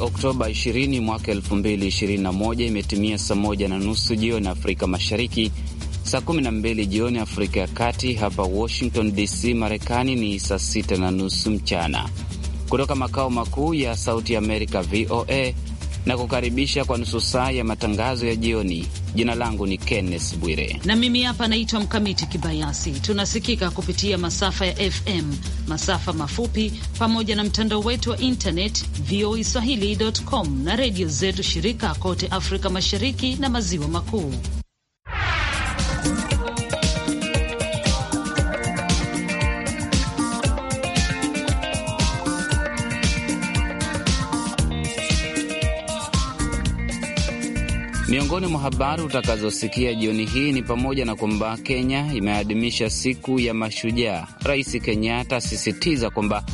Oktoba 20 mwaka 2021, imetimia saa moja na nusu jioni Afrika Mashariki, saa 12 jioni Afrika ya Kati. Hapa Washington DC, Marekani ni saa sita na nusu mchana. Kutoka makao makuu ya Sauti ya Amerika, VOA, na kukaribisha kwa nusu saa ya matangazo ya jioni. Jina langu ni Kenneth Bwire na mimi hapa naitwa Mkamiti Kibayasi. Tunasikika kupitia masafa ya FM, masafa mafupi, pamoja na mtandao wetu wa internet swahili.com na redio zetu shirika kote Afrika Mashariki na Maziwa Makuu. Miongoni mwa habari utakazosikia jioni hii ni pamoja na kwamba Kenya imeadhimisha siku ya mashujaa. Rais Kenyatta asisitiza kwamba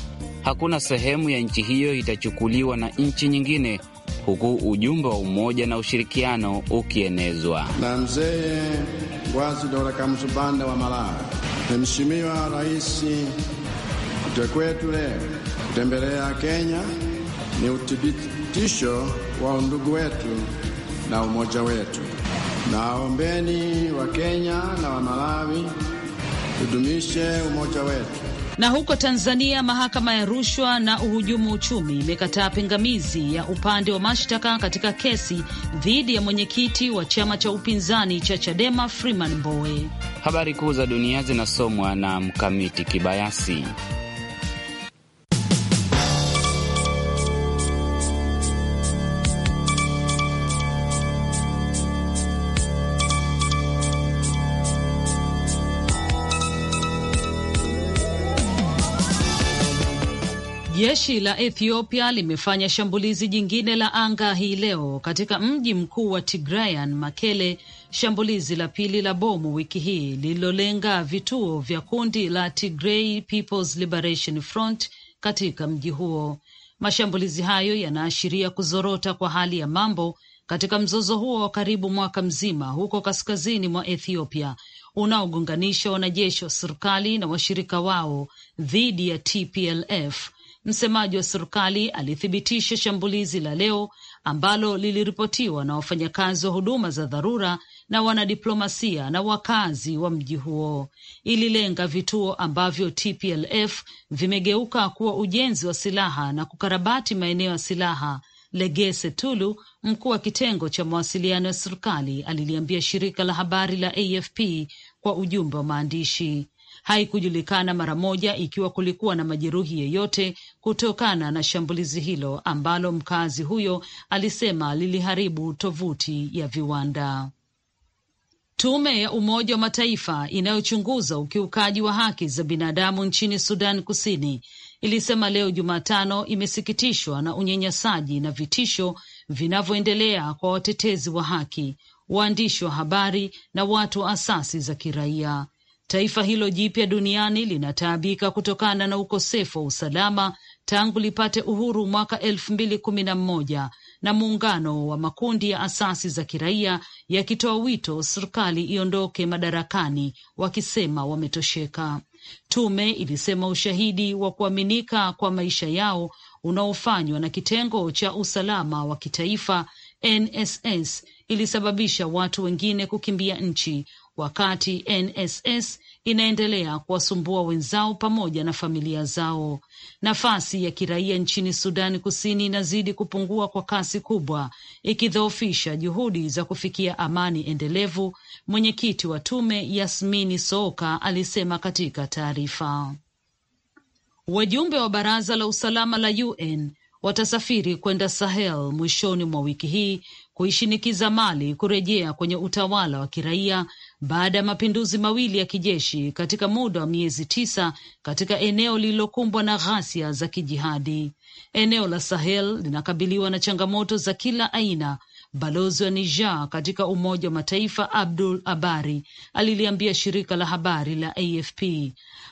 hakuna sehemu ya nchi hiyo itachukuliwa na nchi nyingine, huku ujumbe wa umoja na ushirikiano ukienezwa na mzee Bwazi Dora Kamsubanda wa Malawi. Mheshimiwa Rais kwetu leo kutembelea Kenya ni uthibitisho wa undugu wetu na umoja wetu. wa Wakenya na Wamalawi, tudumishe umoja wetu. Na huko Tanzania, mahakama ya rushwa na uhujumu uchumi imekataa pingamizi ya upande wa mashtaka katika kesi dhidi ya mwenyekiti wa chama cha upinzani cha Chadema Freeman Mbowe. Habari kuu za dunia zinasomwa na Mkamiti Kibayasi. Jeshi la Ethiopia limefanya shambulizi jingine la anga hii leo katika mji mkuu wa Tigrayan, Makele, shambulizi la pili la bomu wiki hii lililolenga vituo vya kundi la Tigray People's Liberation Front katika mji huo. Mashambulizi hayo yanaashiria kuzorota kwa hali ya mambo katika mzozo huo wa karibu mwaka mzima huko kaskazini mwa Ethiopia unaogonganisha wanajeshi wa serikali na washirika wao dhidi ya TPLF Msemaji wa serikali alithibitisha shambulizi la leo ambalo liliripotiwa na wafanyakazi wa huduma za dharura na wanadiplomasia na wakazi wa mji huo. Ililenga vituo ambavyo TPLF vimegeuka kuwa ujenzi wa silaha na kukarabati maeneo ya silaha. Legese Tulu, mkuu wa kitengo cha mawasiliano ya serikali, aliliambia shirika la habari la AFP kwa ujumbe wa maandishi. Haikujulikana mara moja ikiwa kulikuwa na majeruhi yeyote kutokana na shambulizi hilo ambalo mkazi huyo alisema liliharibu tovuti ya viwanda. Tume ya Umoja wa Mataifa inayochunguza ukiukaji wa haki za binadamu nchini Sudan Kusini ilisema leo Jumatano imesikitishwa na unyanyasaji na vitisho vinavyoendelea kwa watetezi wa haki, waandishi wa habari na watu wa asasi za kiraia. Taifa hilo jipya duniani linataabika kutokana na ukosefu wa usalama tangu lipate uhuru mwaka elfu mbili kumi na mmoja na muungano wa makundi ya asasi za kiraia yakitoa wito serikali iondoke madarakani wakisema wametosheka. Tume ilisema ushahidi wa kuaminika kwa maisha yao unaofanywa na kitengo cha usalama wa kitaifa NSS ilisababisha watu wengine kukimbia nchi wakati NSS inaendelea kuwasumbua wenzao pamoja na familia zao. Nafasi ya kiraia nchini Sudani Kusini inazidi kupungua kwa kasi kubwa, ikidhoofisha juhudi za kufikia amani endelevu, mwenyekiti wa tume Yasmini Sooka alisema katika taarifa. Wajumbe wa baraza la usalama la UN watasafiri kwenda Sahel mwishoni mwa wiki hii kuishinikiza Mali kurejea kwenye utawala wa kiraia baada ya mapinduzi mawili ya kijeshi katika muda wa miezi tisa katika eneo lililokumbwa na ghasia za kijihadi. Eneo la Sahel linakabiliwa na changamoto za kila aina. Balozi wa Niger katika Umoja wa Mataifa Abdul Abari aliliambia shirika la habari la AFP,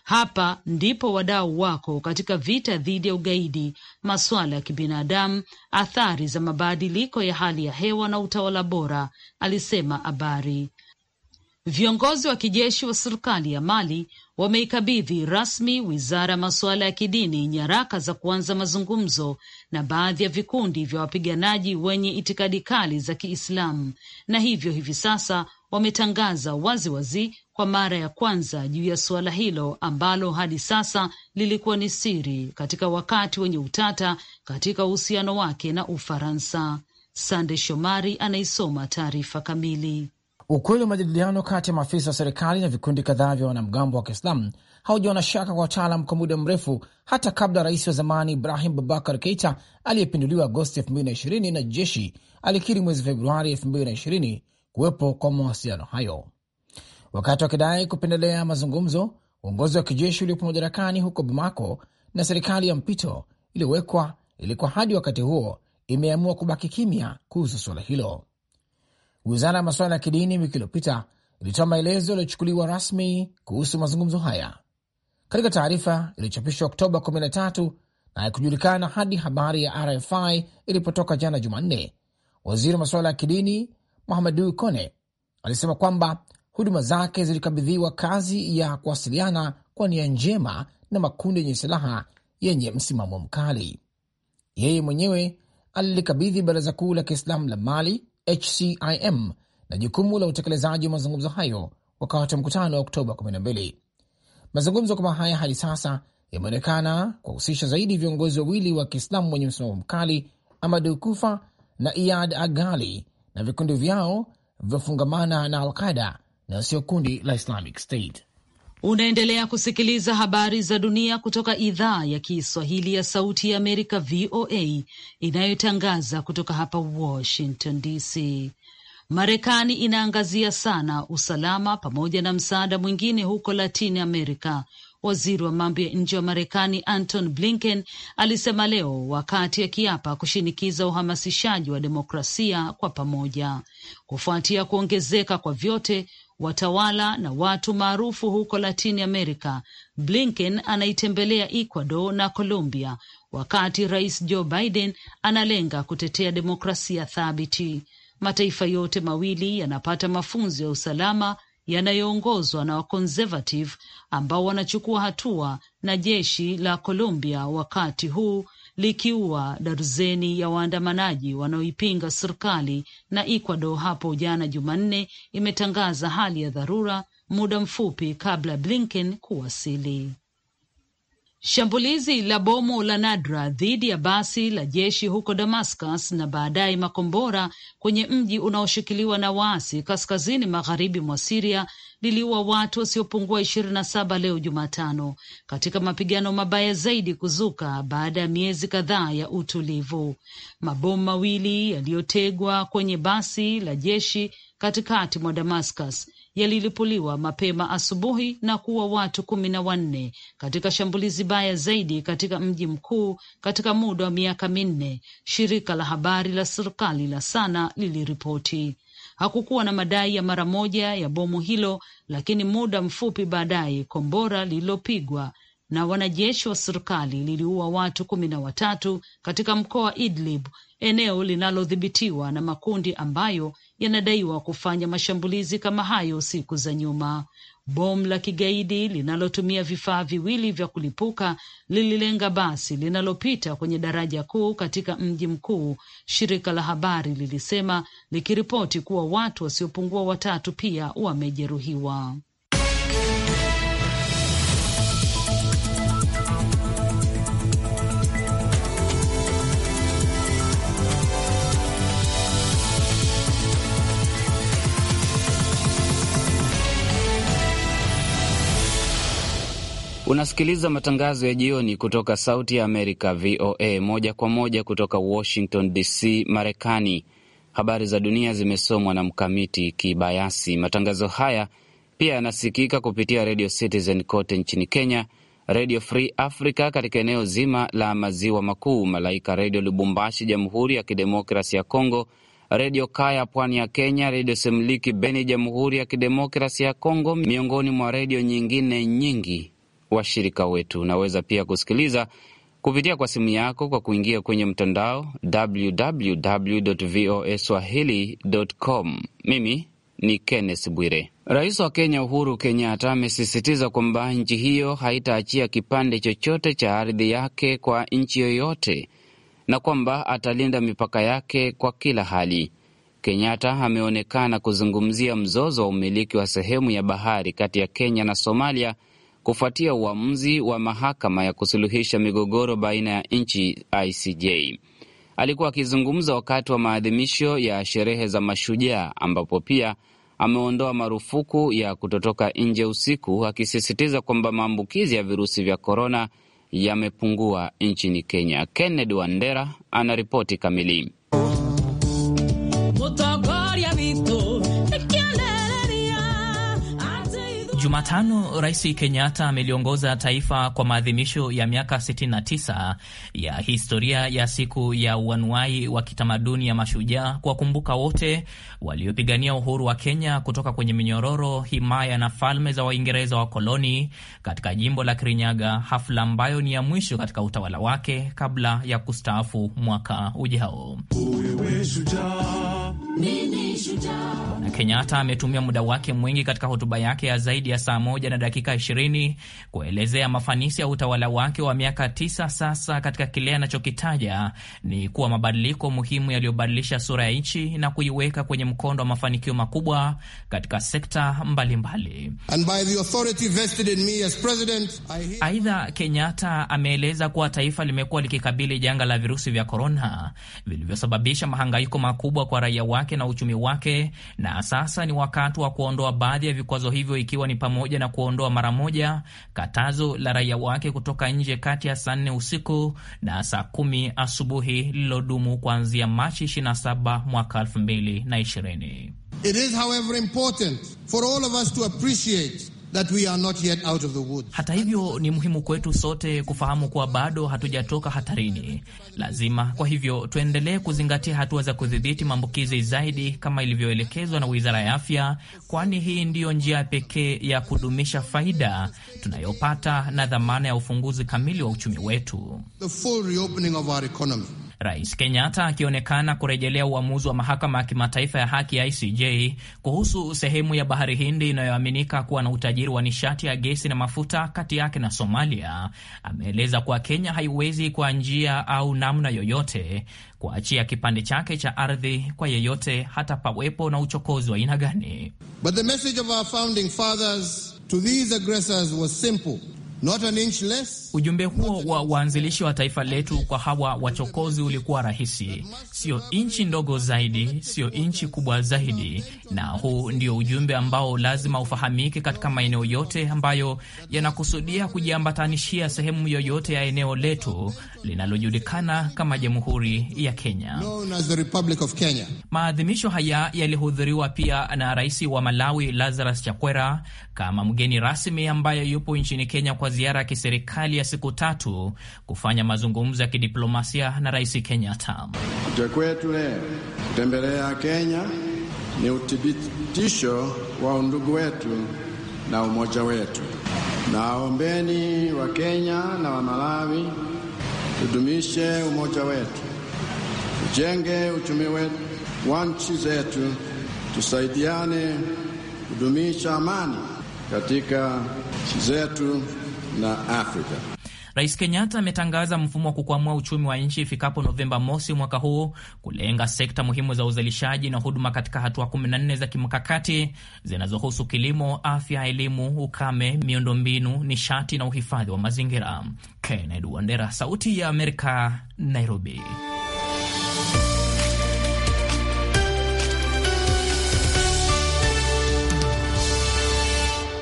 hapa ndipo wadau wako katika vita dhidi ya ugaidi, masuala ya kibinadamu, athari za mabadiliko ya hali ya hewa na utawala bora, alisema Abari. Viongozi wa kijeshi wa serikali ya Mali wameikabidhi rasmi wizara ya masuala ya kidini nyaraka za kuanza mazungumzo na baadhi ya vikundi vya wapiganaji wenye itikadi kali za Kiislamu, na hivyo hivi sasa wametangaza waziwazi kwa mara ya kwanza juu ya suala hilo ambalo hadi sasa lilikuwa ni siri katika wakati wenye utata katika uhusiano wake na Ufaransa. Sande Shomari anaisoma taarifa kamili. Ukweli wa majadiliano kati ya maafisa wa serikali na vikundi kadhaa vya wanamgambo wa Kiislamu haujaona shaka kwa wataalam kwa muda mrefu, hata kabla rais wa zamani Ibrahim Babakar Keita aliyepinduliwa Agosti 2020 na jeshi alikiri mwezi Februari 2020 kuwepo kwa mawasiliano hayo, wakati wakidai kupendelea mazungumzo. Uongozi wa kijeshi uliopo madarakani huko Bamako na serikali ya mpito iliyowekwa ilikuwa hadi wakati huo imeamua kubaki kimya kuhusu suala hilo. Wizara ya masuala ya kidini wiki iliyopita ilitoa maelezo yaliyochukuliwa rasmi kuhusu mazungumzo haya katika taarifa iliyochapishwa Oktoba 13 na haikujulikana hadi habari ya RFI ilipotoka jana Jumanne. Waziri wa masuala ya kidini Muhamadu Kone alisema kwamba huduma zake zilikabidhiwa kazi ya kuwasiliana kwa nia njema na makundi yenye silaha yenye msimamo mkali. Yeye mwenyewe alilikabidhi Baraza Kuu la Kiislamu la Mali HCIM na jukumu la utekelezaji wa mazungumzo hayo wakati wa mkutano wa Oktoba 12. Mazungumzo kama haya hadi sasa yameonekana kuwahusisha zaidi viongozi wawili wa Kiislamu wenye msimamo mkali, Amadu Kufa na Iyad Agali, na vikundi vyao vivyofungamana na Alqaida na sio kundi la Islamic State. Unaendelea kusikiliza habari za dunia kutoka idhaa ya Kiswahili ya Sauti ya Amerika, VOA, inayotangaza kutoka hapa Washington DC. Marekani inaangazia sana usalama pamoja na msaada mwingine huko Latin America. Waziri wa mambo ya nje wa Marekani Anton Blinken alisema leo wakati akiapa kushinikiza uhamasishaji wa demokrasia kwa pamoja, kufuatia kuongezeka kwa vyote watawala na watu maarufu huko latini America, Blinken anaitembelea Ecuador na Colombia wakati Rais Joe Biden analenga kutetea demokrasia thabiti. Mataifa yote mawili yanapata mafunzo ya usalama yanayoongozwa na wakonservative ambao wanachukua hatua na jeshi la Colombia wakati huu likiua darzeni ya waandamanaji wanaoipinga serikali na Ecuador hapo jana Jumanne imetangaza hali ya dharura muda mfupi kabla Blinken kuwasili. Shambulizi la bomu la nadra dhidi ya basi la jeshi huko Damascus na baadaye makombora kwenye mji unaoshikiliwa na waasi kaskazini magharibi mwa Siria liliua watu wasiopungua ishirini na saba leo Jumatano, katika mapigano mabaya zaidi kuzuka baada ya miezi kadhaa ya utulivu. Mabomu mawili yaliyotegwa kwenye basi la jeshi katikati mwa Damascus yalilipuliwa mapema asubuhi na kuua watu kumi na wanne katika shambulizi baya zaidi katika mji mkuu katika muda wa miaka minne, shirika la habari la serikali la SANA liliripoti. Hakukuwa na madai ya mara moja ya bomu hilo, lakini muda mfupi baadaye kombora lililopigwa na wanajeshi wa serikali liliua watu kumi na watatu katika mkoa Idlib eneo linalodhibitiwa na makundi ambayo yanadaiwa kufanya mashambulizi kama hayo siku za nyuma. Bomu la kigaidi linalotumia vifaa viwili vya kulipuka lililenga basi linalopita kwenye daraja kuu katika mji mkuu, shirika la habari lilisema, likiripoti kuwa watu wasiopungua watatu pia wamejeruhiwa. Unasikiliza matangazo ya jioni kutoka Sauti ya Amerika, VOA, moja kwa moja kutoka Washington DC, Marekani. Habari za dunia zimesomwa na Mkamiti Kibayasi. Matangazo haya pia yanasikika kupitia redio Citizen kote nchini Kenya, redio Free Africa katika eneo zima la maziwa makuu, Malaika Redio Lubumbashi, Jamhuri ya Kidemokrasi ya Kongo, Redio Kaya pwani ya Kenya, Redio Semliki Beni, Jamhuri ya Kidemokrasi ya Kongo, miongoni mwa redio nyingine nyingi washirika wetu. Unaweza pia kusikiliza kupitia kwa simu yako kwa kuingia kwenye mtandao www.voaswahili.com. Mimi ni Kenneth Bwire. Rais wa Kenya Uhuru Kenyatta amesisitiza kwamba nchi hiyo haitaachia kipande chochote cha ardhi yake kwa nchi yoyote na kwamba atalinda mipaka yake kwa kila hali. Kenyatta ameonekana kuzungumzia mzozo wa umiliki wa sehemu ya bahari kati ya Kenya na Somalia kufuatia uamuzi wa mahakama ya kusuluhisha migogoro baina ya nchi ICJ. Alikuwa akizungumza wakati wa maadhimisho ya sherehe za Mashujaa, ambapo pia ameondoa marufuku ya kutotoka nje usiku, akisisitiza kwamba maambukizi ya virusi vya korona yamepungua nchini Kenya. Kennedy Wandera ana ripoti kamili. Jumatano Rais Kenyatta ameliongoza taifa kwa maadhimisho ya miaka 69 ya historia ya siku ya uanuai wa kitamaduni ya mashujaa, kuwakumbuka wote waliopigania uhuru wa Kenya kutoka kwenye minyororo, himaya na falme za Waingereza wa koloni katika jimbo la Kirinyaga, hafla ambayo ni ya mwisho katika utawala wake kabla ya kustaafu mwaka ujao. Kenyatta ametumia muda wake mwingi katika hotuba yake ya zaidi ya saa moja na dakika ishirini kuelezea mafanisi ya utawala wake wa miaka tisa sasa katika kile anachokitaja ni kuwa mabadiliko muhimu yaliyobadilisha sura ya nchi na kuiweka kwenye mkondo wa mafanikio makubwa katika sekta mbalimbali. Aidha, Kenyatta ameeleza kuwa taifa limekuwa likikabili janga la virusi vya korona vilivyosababisha mahangaiko makubwa kwa raia wake na uchumi wake, na sasa ni wakati wa kuondoa baadhi ya vikwazo hivyo ikiwa ni pamoja na kuondoa mara moja katazo la raia wake kutoka nje kati ya saa nne usiku na saa kumi asubuhi lililodumu kuanzia Machi 27 mwaka 2020. It is however important for all of us to appreciate that we are not yet out of the woods. Hata hivyo ni muhimu kwetu sote kufahamu kuwa bado hatujatoka hatarini. Lazima kwa hivyo tuendelee kuzingatia hatua za kudhibiti maambukizi zaidi kama ilivyoelekezwa na Wizara ya Afya, kwani hii ndiyo njia pekee ya kudumisha faida tunayopata na dhamana ya ufunguzi kamili wa uchumi wetu. The full reopening of our economy. Rais Kenyatta akionekana kurejelea uamuzi wa mahakama ya kimataifa ya haki ya ICJ kuhusu sehemu ya bahari Hindi inayoaminika kuwa na utajiri wa nishati ya gesi na mafuta kati yake na Somalia, ameeleza kuwa Kenya haiwezi kwa njia au namna yoyote kuachia kipande chake cha ardhi kwa yeyote, hata pawepo na uchokozi wa aina gani. But the message of our founding fathers to these aggressors was simple. Not an inch less. Ujumbe huo wa waanzilishi wa taifa letu kwa hawa wachokozi ulikuwa rahisi: sio inchi ndogo zaidi, sio inchi kubwa zaidi. Na huu ndio ujumbe ambao lazima ufahamike katika maeneo yote ambayo yanakusudia kujiambatanishia sehemu yoyote ya eneo letu linalojulikana kama Jamhuri ya Kenya. Kenya. Maadhimisho haya yalihudhuriwa pia na Rais wa Malawi Lazarus Chakwera kama mgeni rasmi ambaye yupo nchini Kenya kwa ziara ya kiserikali ya siku tatu kufanya mazungumzo ya kidiplomasia na Rais Kenyatta. Kuja kwetu leo kutembelea Kenya ni uthibitisho wa undugu wetu na umoja wetu. Naombeni wa Kenya na wamalawi tudumishe umoja wetu, tujenge uchumi wetu wa nchi zetu, tusaidiane kudumisha amani katika nchi zetu na Afrika. Rais Kenyatta ametangaza mfumo wa kukwamua uchumi wa nchi ifikapo Novemba mosi mwaka huu, kulenga sekta muhimu za uzalishaji na huduma katika hatua 14 za kimkakati zinazohusu kilimo, afya, elimu, ukame, miundombinu, nishati na uhifadhi wa mazingira. Kennedy Wandera, Sauti ya Amerika, Nairobi.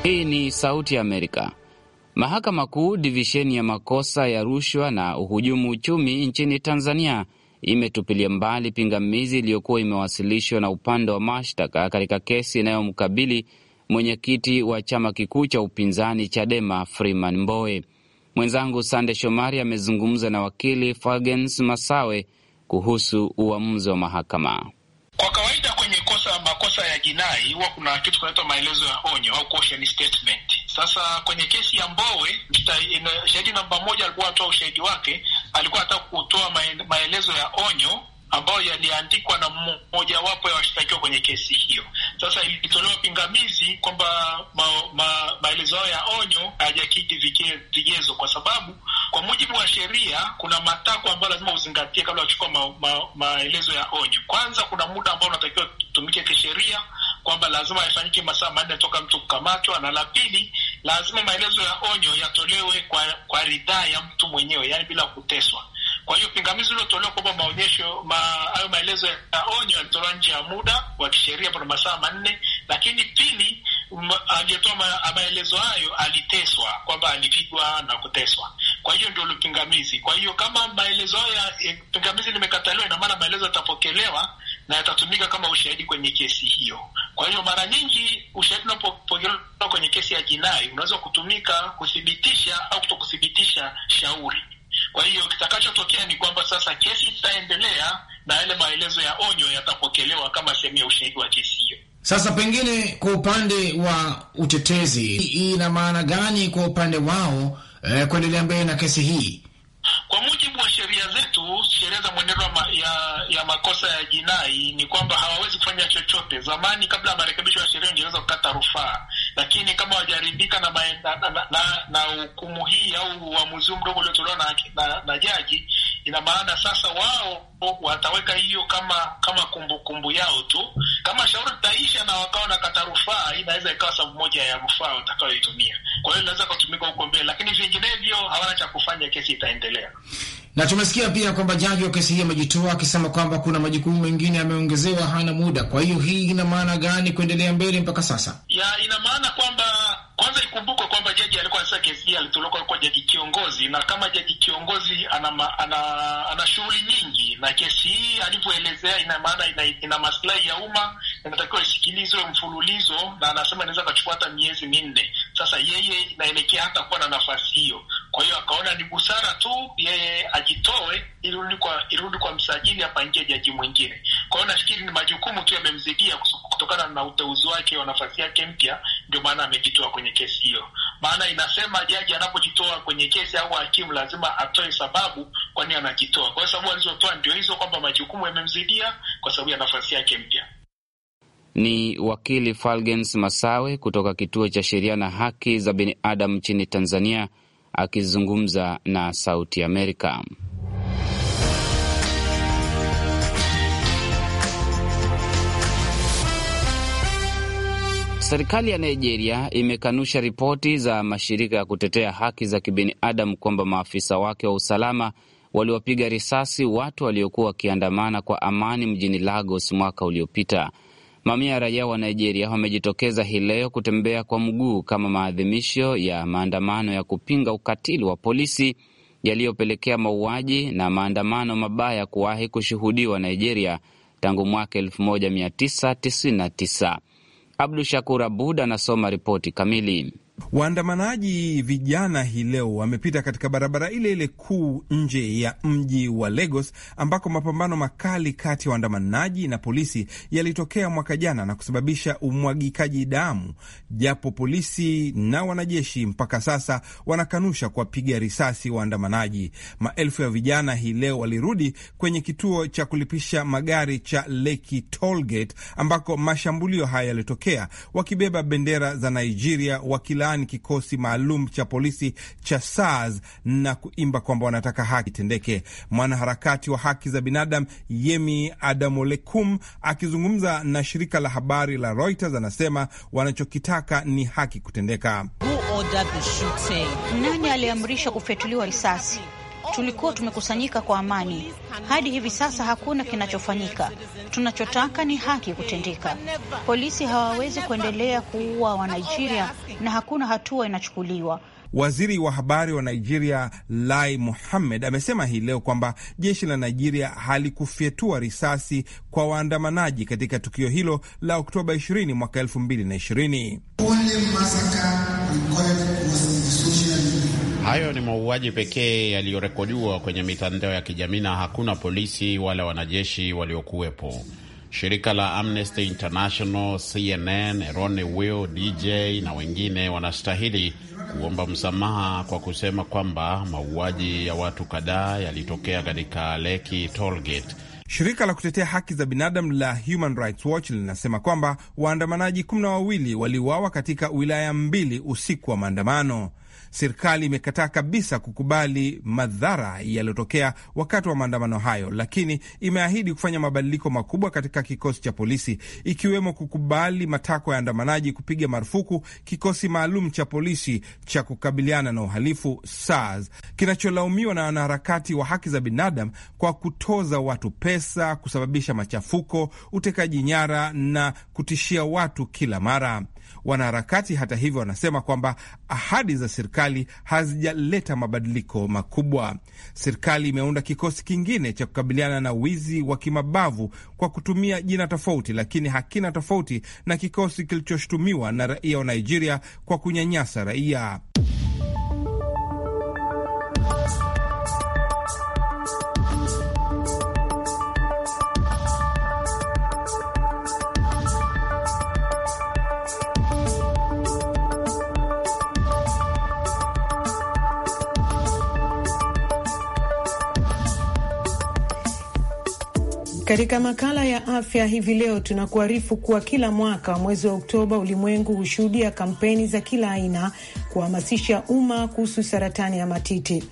Hii ni Sauti ya Amerika. Mahakama Kuu divisheni ya makosa ya rushwa na uhujumu uchumi nchini Tanzania imetupilia mbali pingamizi iliyokuwa imewasilishwa na upande wa mashtaka katika kesi inayomkabili mwenyekiti wa chama kikuu cha upinzani Chadema Freeman Mbowe. Mwenzangu Sande Shomari amezungumza na wakili fagens Masawe kuhusu uamuzi wa mahakama. Kwa kawaida kwenye kosa makosa ya jinai huwa kuna kitu kinaitwa maelezo ya onyo au caution statement sasa kwenye kesi ya Mbowe shahidi namba moja alikuwa atoa ushahidi wake, alikuwa anataka kutoa maelezo ya onyo ambayo yaliandikwa na mmojawapo ya washtakiwa kwenye kesi hiyo. Sasa ilitolewa pingamizi kwamba maelezo ma, ma hayo ya onyo hayajakidhi vigezo, kwa sababu kwa mujibu wa sheria kuna matakwa ambayo lazima uzingatie kabla ya kuchukua maelezo ma, ma ya onyo. Kwanza kuna muda ambao unatakiwa tumike kisheria kwamba lazima yafanyike masaa manne toka mtu kukamatwa, na la pili, lazima maelezo ya onyo yatolewe kwa, kwa ridhaa ya mtu mwenyewe, yaani bila kuteswa. Kwa hiyo pingamizi uliotolewa kwamba maonyesho hayo maelezo ya onyo yalitolewa nje ya muda wa kisheria pana masaa manne, lakini pili aliyetoa ma, maelezo hayo aliteswa, kwamba alipigwa na kuteswa. Kwa hiyo ndio pingamizi. Kwa hiyo kama maelezo hayo eh, pingamizi limekataliwa, ina maana maelezo yatapokelewa na yatatumika kama ushahidi kwenye kesi hiyo. Kwa hiyo mara nyingi ushahidi unapopokelewa kwenye kesi ya jinai unaweza kutumika kuthibitisha au kutokuthibitisha shauri. Kwa hiyo kitakachotokea ni kwamba sasa kesi itaendelea na yale maelezo ya onyo yatapokelewa kama sehemu ya ushahidi wa kesi hiyo. Sasa pengine kwa upande wa utetezi, ina maana gani kwa upande wao eh, kuendelea mbele na kesi hii kwa ya ya makosa ya jinai ni kwamba hawawezi kufanya chochote. Zamani kabla ya marekebisho ya sheria ingeweza kukata rufaa, lakini kama wajaribika na na hukumu hii au uamuzi huu mdogo uliotolewa na, na, na jaji, ina maana sasa wao wataweka hiyo kama kama kumbukumbu kumbu yao tu. Kama shauri litaisha na wakawa na kata rufaa, inaweza ikawa sababu moja ya rufaa watakayoitumia. Kwa hiyo inaweza kutumika huko mbele, lakini vinginevyo hawana cha kufanya, kesi itaendelea. Na tumesikia pia kwamba jaji wa kesi hii amejitoa akisema kwamba kuna majukumu mengine yameongezewa, hana muda. Kwa hiyo hii ina maana gani kuendelea mbele mpaka sasa? Ya, ina maana kwamba kwanza ikumbukwe kwamba jaji alikuwa sasa kesi hii alitoloka kwa jaji kiongozi, na kama jaji kiongozi ana ana, ana shughuli nyingi, na kesi hii alivyoelezea, ina maana ina, ina maslahi ya umma, inatakiwa isikilizwe mfululizo, na anasema inaweza akachukua hata miezi minne. Sasa yeye inaelekea hata kuwa na nafasi hiyo. Kwa hiyo akaona ni busara tu yeye ajitoe, irudi kwa irudi kwa msajili, apangie jaji mwingine. Kwa hiyo nafikiri ni majukumu tu yamemzidia kutokana na uteuzi wake wa nafasi yake mpya, ndio maana amejitoa kwenye kesi hiyo. Maana inasema jaji anapojitoa kwenye kesi au hakimu lazima atoe sababu kwa nini anajitoa. Kwa hiyo sababu alizotoa ndio hizo, kwamba majukumu yamemzidia kwa sababu ya nafasi yake mpya. Ni wakili Falgens Masawe kutoka Kituo cha Sheria na Haki za Binadamu nchini Tanzania akizungumza na Sauti Amerika. Serikali ya Nigeria imekanusha ripoti za mashirika ya kutetea haki za kibinadamu kwamba maafisa wake wa usalama waliwapiga risasi watu waliokuwa wakiandamana kwa amani mjini Lagos mwaka uliopita. Mamia ya raia wa Nigeria wamejitokeza hii leo kutembea kwa mguu kama maadhimisho ya maandamano ya kupinga ukatili wa polisi yaliyopelekea mauaji na maandamano mabaya kuwahi kushuhudiwa Nigeria tangu mwaka 1999. Abdu Shakur Abud anasoma ripoti kamili. Waandamanaji vijana hii leo wamepita katika barabara ile ile kuu nje ya mji wa Lagos ambako mapambano makali kati ya waandamanaji na polisi yalitokea mwaka jana na kusababisha umwagikaji damu, japo polisi na wanajeshi mpaka sasa wanakanusha kuwapiga risasi waandamanaji. Maelfu ya vijana hii leo walirudi kwenye kituo cha kulipisha magari cha Lekki Tollgate ambako mashambulio haya yalitokea, wakibeba bendera za Nigeria wakila Sudan kikosi maalum cha polisi cha SARS na kuimba kwamba wanataka haki itendeke. Mwanaharakati wa haki za binadamu Yemi Adamolekum akizungumza na shirika la habari la Reuters anasema wanachokitaka ni haki kutendeka. Nani aliamrisha kufyatuliwa risasi? tulikuwa tumekusanyika kwa amani. Hadi hivi sasa hakuna kinachofanyika. Tunachotaka ni haki kutendeka. Polisi hawawezi kuendelea kuua Wanigeria na hakuna hatua inachukuliwa. Waziri wa habari wa Nigeria Lai Muhammed amesema hii leo kwamba jeshi la Nigeria halikufyetua risasi kwa waandamanaji katika tukio hilo la Oktoba 20 mwaka 2020. Hayo ni mauaji pekee yaliyorekodiwa kwenye mitandao ya kijamii na hakuna polisi wala wanajeshi waliokuwepo. Shirika la Amnesty International, CNN, Ronnie Will, DJ na wengine wanastahili kuomba msamaha kwa kusema kwamba mauaji ya watu kadhaa yalitokea katika Lekki Tollgate. Shirika la kutetea haki za binadamu la Human Rights Watch linasema kwamba waandamanaji kumi na wawili waliuawa katika wilaya mbili usiku wa maandamano. Serikali imekataa kabisa kukubali madhara yaliyotokea wakati wa maandamano hayo, lakini imeahidi kufanya mabadiliko makubwa katika kikosi cha polisi, ikiwemo kukubali matakwa ya andamanaji, kupiga marufuku kikosi maalum cha polisi cha kukabiliana na uhalifu SARS kinacholaumiwa na wanaharakati wa haki za binadamu kwa kutoza watu pesa, kusababisha machafuko, utekaji nyara na kutishia watu kila mara. Wanaharakati hata hivyo, wanasema kwamba ahadi za serikali hazijaleta mabadiliko makubwa. Serikali imeunda kikosi kingine cha kukabiliana na wizi wa kimabavu kwa kutumia jina tofauti, lakini hakina tofauti na kikosi kilichoshutumiwa na raia wa Nigeria kwa kunyanyasa raia. Katika makala ya afya hivi leo tunakuarifu kuwa kila mwaka mwezi wa Oktoba ulimwengu hushuhudia kampeni za kila aina kuhamasisha umma kuhusu saratani ya matiti.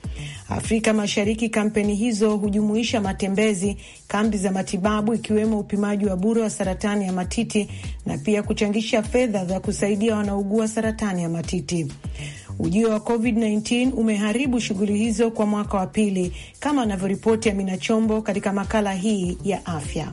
Afrika Mashariki, kampeni hizo hujumuisha matembezi, kambi za matibabu, ikiwemo upimaji wa bure wa saratani ya matiti na pia kuchangisha fedha za kusaidia wanaougua saratani ya matiti. Ujio wa COVID-19 umeharibu shughuli hizo kwa mwaka wa pili, kama anavyoripoti Amina Chombo katika makala hii ya afya.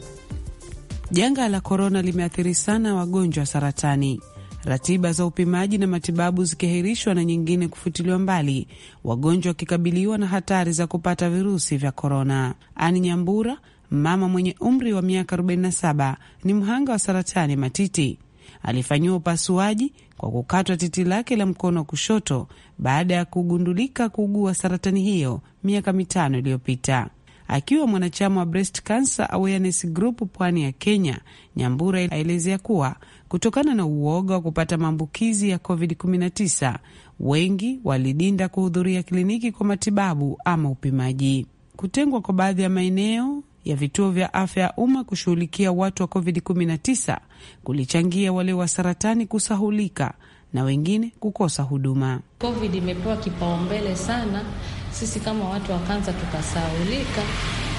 Janga la korona limeathiri sana wagonjwa wa saratani, ratiba za upimaji na matibabu zikiahirishwa na nyingine kufutiliwa mbali, wagonjwa wakikabiliwa na hatari za kupata virusi vya korona. Ani Nyambura, mama mwenye umri wa miaka 47, ni mhanga wa saratani matiti. Alifanyiwa upasuaji kwa kukatwa titi lake la mkono wa kushoto baada ya kugundulika kuugua saratani hiyo miaka mitano iliyopita. Akiwa mwanachama wa Breast Cancer Awareness Group pwani ya Kenya, Nyambura aelezea kuwa kutokana na uoga wa kupata maambukizi ya COVID-19 wengi walidinda kuhudhuria kliniki kwa matibabu ama upimaji. Kutengwa kwa baadhi ya maeneo ya vituo vya afya ya umma kushughulikia watu wa COVID-19 kulichangia wale wa saratani kusahulika na wengine kukosa huduma. COVID imepewa kipaumbele sana, sisi kama watu wa kansa tukasahulika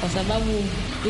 kwa sababu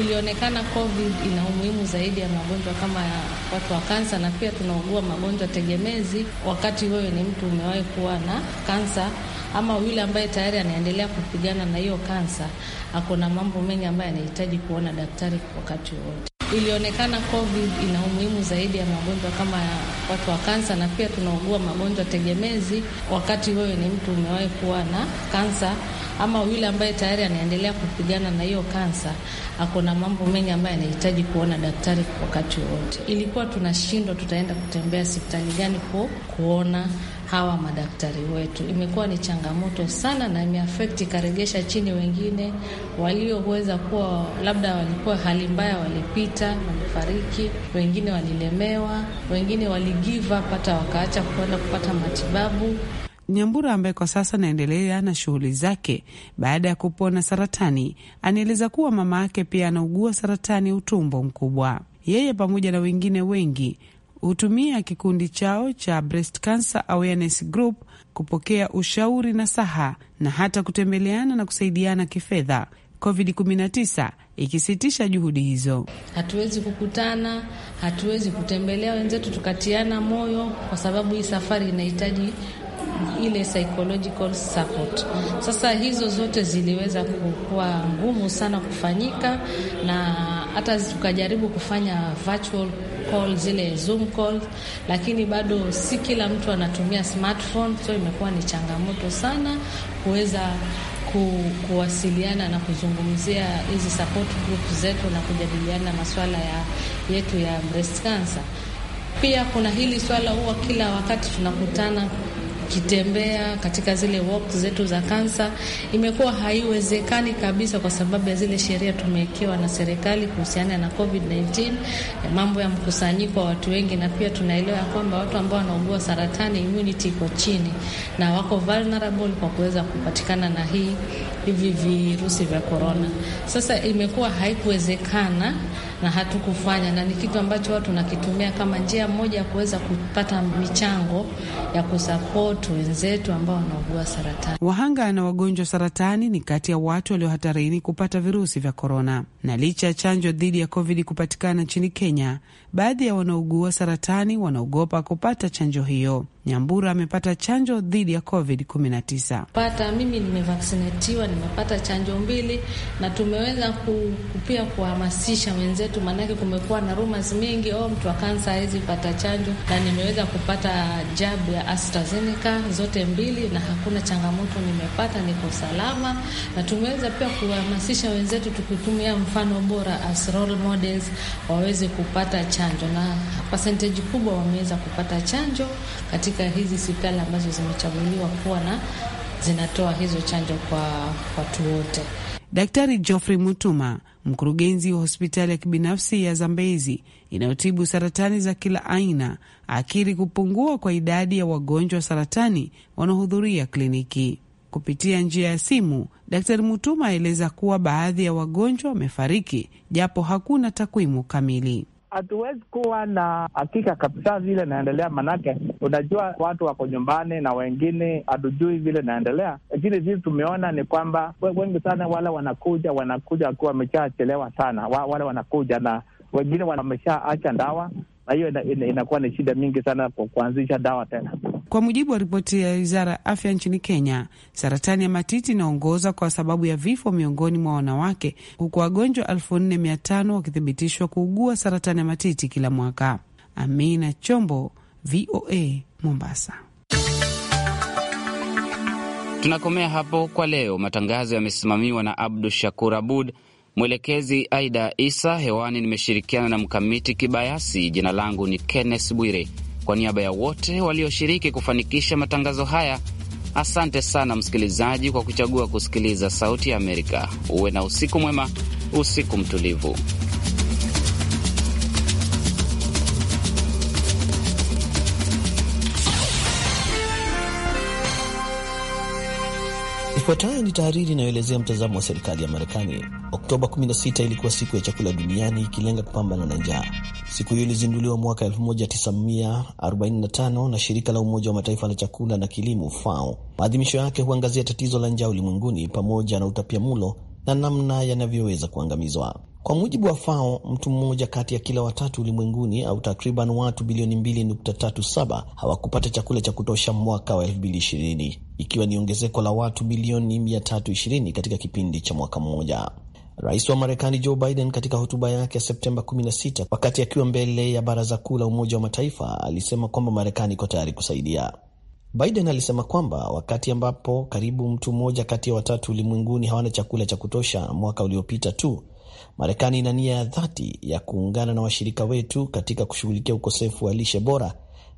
ilionekana COVID ina umuhimu zaidi ya magonjwa kama ya watu wa kansa, na pia tunaugua magonjwa tegemezi wakati wewe ni mtu umewahi kuwa na kansa ama yule ambaye tayari anaendelea kupigana na hiyo kansa, ako na mambo mengi ambayo anahitaji kuona daktari wakati wowote. Ilionekana COVID ina umuhimu zaidi ya magonjwa kama ya watu wa kansa, na pia tunaugua magonjwa tegemezi. Wakati wewe ni mtu umewahi kuwa na kansa ama yule ambaye tayari anaendelea kupigana na hiyo kansa, ako na mambo mengi ambayo anahitaji kuona daktari wakati wowote. Ilikuwa tunashindwa tutaenda kutembea hospitali gani ku, kuona hawa madaktari wetu. Imekuwa ni changamoto sana na imeafekti ikaregesha chini wengine walioweza kuwa labda walikuwa hali mbaya, walipita, walifariki, wengine walilemewa, wengine waligiva hata wakaacha kuenda kupata matibabu. Nyambura ambaye kwa sasa anaendelea na shughuli zake baada ya kupona saratani, anaeleza kuwa mama yake pia anaugua saratani utumbo mkubwa. Yeye pamoja na wengine wengi hutumia kikundi chao cha Breast Cancer Awareness Group kupokea ushauri na saha na hata kutembeleana na kusaidiana kifedha. COVID-19 ikisitisha juhudi hizo, hatuwezi kukutana, hatuwezi kutembelea wenzetu tukatiana moyo, kwa sababu hii safari inahitaji ile psychological support. Sasa hizo zote ziliweza kuwa ngumu sana kufanyika, na hata tukajaribu kufanya virtual call zile zoom calls, lakini bado si kila mtu anatumia smartphone, so imekuwa ni changamoto sana kuweza ku, kuwasiliana na kuzungumzia hizi support group zetu na kujadiliana masuala ya yetu ya breast cancer. Pia kuna hili swala, huwa kila wakati tunakutana kitembea katika zile walk zetu za kansa, imekuwa haiwezekani kabisa kwa sababu ya zile sheria tumewekewa na serikali kuhusiana na COVID-19, mambo ya mkusanyiko wa watu wengi, na pia tunaelewa kwamba watu ambao wanaugua saratani immunity iko chini na wako vulnerable kwa kuweza kupatikana na hii hivi virusi vya korona. Sasa imekuwa haikuwezekana na hatukufanya, na ni kitu ambacho watu nakitumia kama njia moja ya kuweza kupata michango ya kusapoti wenzetu ambao wanaugua saratani. Wahanga na wagonjwa saratani ni kati ya watu walio hatarini kupata virusi vya korona, na licha ya chanjo dhidi ya covid kupatikana nchini Kenya, baadhi ya wanaougua saratani wanaogopa kupata chanjo hiyo. Nyambura amepata chanjo dhidi ya covid 19. Pata mimi nimevaksinatiwa, nimepata chanjo mbili, na tumeweza kupia kuhamasisha wenzetu zetu, maanake kumekuwa na rumors mingi, oh, mtu wa kansa hawezi pata chanjo, na nimeweza kupata jab ya AstraZeneca zote mbili na hakuna changamoto nimepata, niko salama, na tumeweza pia kuhamasisha wenzetu tukitumia mfano bora as role models waweze kupata chanjo, na percentage kubwa wameweza kupata chanjo katika hizi hospitali ambazo zimechaguliwa kuwa na zinatoa hizo chanjo kwa watu wote. Daktari Geoffrey Mutuma mkurugenzi wa hospitali ya kibinafsi ya Zambezi inayotibu saratani za kila aina, akiri kupungua kwa idadi ya wagonjwa wa saratani wanaohudhuria kliniki. Kupitia njia ya simu, Daktari Mutuma aeleza kuwa baadhi ya wagonjwa wamefariki, japo hakuna takwimu kamili hatuwezi kuwa na hakika kabisa vile inaendelea, manake unajua watu wako nyumbani na wengine hatujui vile inaendelea, lakini sisi tumeona ni kwamba wengi sana wale wanakuja wanakuja wakiwa wameshachelewa sana, wale wanakuja na wengine wameshaacha ndawa na hiyo inakuwa ni shida mingi sana kwa kuanzisha dawa tena. Kwa mujibu wa ripoti ya wizara ya afya nchini Kenya, saratani ya matiti inaongoza kwa sababu ya vifo miongoni mwa wanawake, huku wagonjwa elfu nne mia tano wakithibitishwa kuugua saratani ya matiti kila mwaka. Amina Chombo, VOA, Mombasa. Tunakomea hapo kwa leo. Matangazo yamesimamiwa na Abdu Shakur Abud. Mwelekezi Aida Isa hewani, nimeshirikiana na Mkamiti Kibayasi. Jina langu ni Kenneth Bwire, kwa niaba ya wote walioshiriki kufanikisha matangazo haya. Asante sana msikilizaji kwa kuchagua kusikiliza Sauti ya Amerika. Uwe na usiku mwema, usiku mtulivu. Ifuatayo ni tahariri inayoelezea mtazamo wa serikali ya Marekani. Oktoba 16 ilikuwa siku ya chakula duniani ikilenga kupambana na njaa. Siku hiyo ilizinduliwa mwaka 1945 na shirika la Umoja wa Mataifa la chakula na kilimo FAO. Maadhimisho yake huangazia tatizo la njaa ulimwenguni pamoja na utapia mulo na namna yanavyoweza kuangamizwa. Kwa mujibu wa FAO, mtu mmoja kati ya kila watatu ulimwenguni au takriban watu bilioni 2.37 hawakupata chakula cha kutosha mwaka wa 2020 ikiwa ni ongezeko la watu milioni 320 katika kipindi cha mwaka mmoja. Rais wa Marekani Joe Biden katika hotuba yake ya Septemba 16 wakati akiwa mbele ya Baraza Kuu la Umoja wa Mataifa alisema kwamba Marekani iko tayari kusaidia. Biden alisema kwamba wakati ambapo karibu mtu mmoja kati ya watatu ulimwenguni hawana chakula cha kutosha mwaka uliopita tu Marekani ina nia ya dhati ya kuungana na washirika wetu katika kushughulikia ukosefu wa lishe bora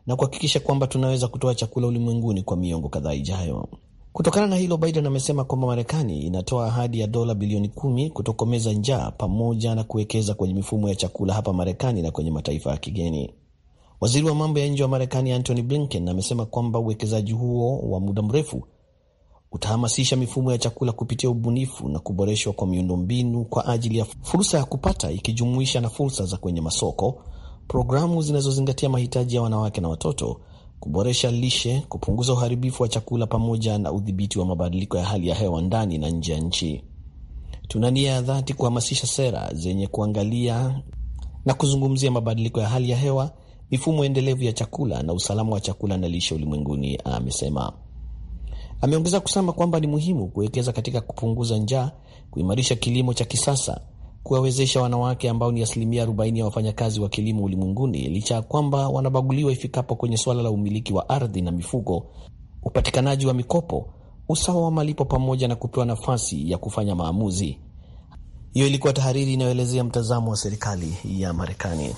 na kuhakikisha kwamba tunaweza kutoa chakula ulimwenguni kwa miongo kadhaa ijayo. Kutokana na hilo, Biden amesema kwamba Marekani inatoa ahadi ya dola bilioni kumi kutokomeza njaa pamoja na kuwekeza kwenye mifumo ya chakula hapa Marekani na kwenye mataifa ya kigeni. Waziri wa mambo ya nje wa Marekani Antony Blinken amesema kwamba uwekezaji huo wa muda mrefu utahamasisha mifumo ya chakula kupitia ubunifu na kuboreshwa kwa miundombinu kwa ajili ya fursa ya kupata, ikijumuisha na fursa za kwenye masoko, programu zinazozingatia mahitaji ya wanawake na watoto, kuboresha lishe, kupunguza uharibifu wa chakula, pamoja na udhibiti wa mabadiliko ya hali ya hewa ndani na nje ya nchi. Tuna nia ya dhati kuhamasisha sera zenye kuangalia na kuzungumzia mabadiliko ya hali ya hewa, mifumo endelevu ya chakula na usalama wa chakula na lishe ulimwenguni, amesema. Ameongeza kusema kwamba ni muhimu kuwekeza katika kupunguza njaa, kuimarisha kilimo cha kisasa, kuwawezesha wanawake ambao ni asilimia 40 ya wafanyakazi wa kilimo ulimwenguni, licha ya kwamba wanabaguliwa ifikapo kwenye suala la umiliki wa ardhi na mifugo, upatikanaji wa mikopo, usawa wa malipo, pamoja na kupewa nafasi ya kufanya maamuzi. Hiyo ilikuwa tahariri inayoelezea mtazamo wa serikali ya Marekani.